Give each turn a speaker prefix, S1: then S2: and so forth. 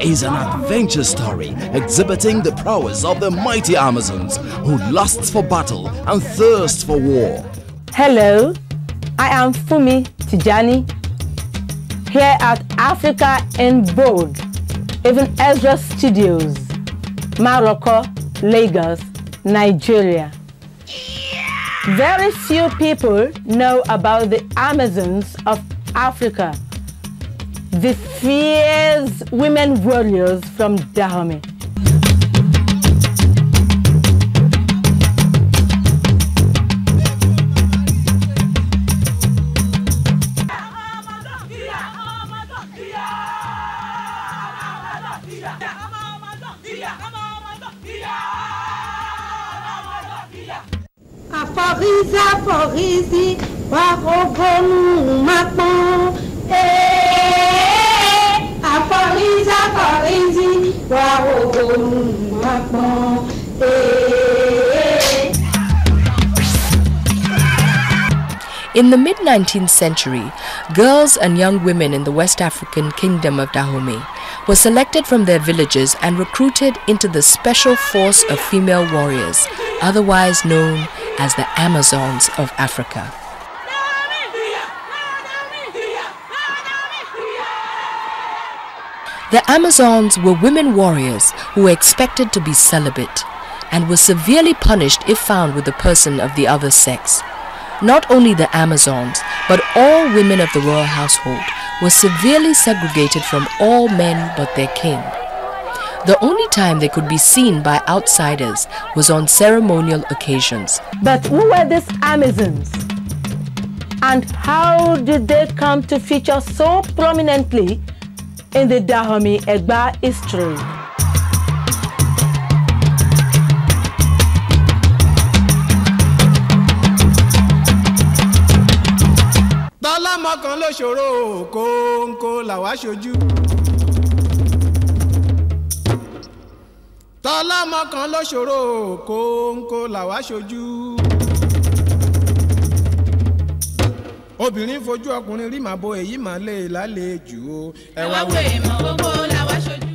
S1: is an adventure story exhibiting the prowess of the mighty Amazons who lust for battle and thirst for war.
S2: Hello, I am Fumi Tijani here at Africa in Bold, even Ezra Studios, Morocco, Lagos, Nigeria. Very few people know about the Amazons of Africa the fierce women warriors from Dahomey. Aforiza, aforizi, barogonu.
S1: In the mid 19th century, girls and young women in the West African kingdom of Dahomey were selected from their villages and recruited into the special force of female warriors, otherwise known as the Amazons of Africa. The Amazons were women warriors who were expected to be celibate and were severely punished if found with a person of the other sex. Not only the Amazons, but all women of the royal household were severely segregated from all men but their king. The only time they could be seen by outsiders was on ceremonial occasions. But who were these Amazons? And how did they come to
S2: feature so prominently in the Dahomey Egba history.
S3: tọ́lámọ kan ló ṣòro kóńkó làwa ṣojú. tọ́lámọ kan ló ṣòro kóńkó làwa ṣojú. obìnrin fojú ọkùnrin rí màbo èyí mà lè lálejò. ẹ wá wo ìmọ̀ gbogbo làwa
S2: ṣojú.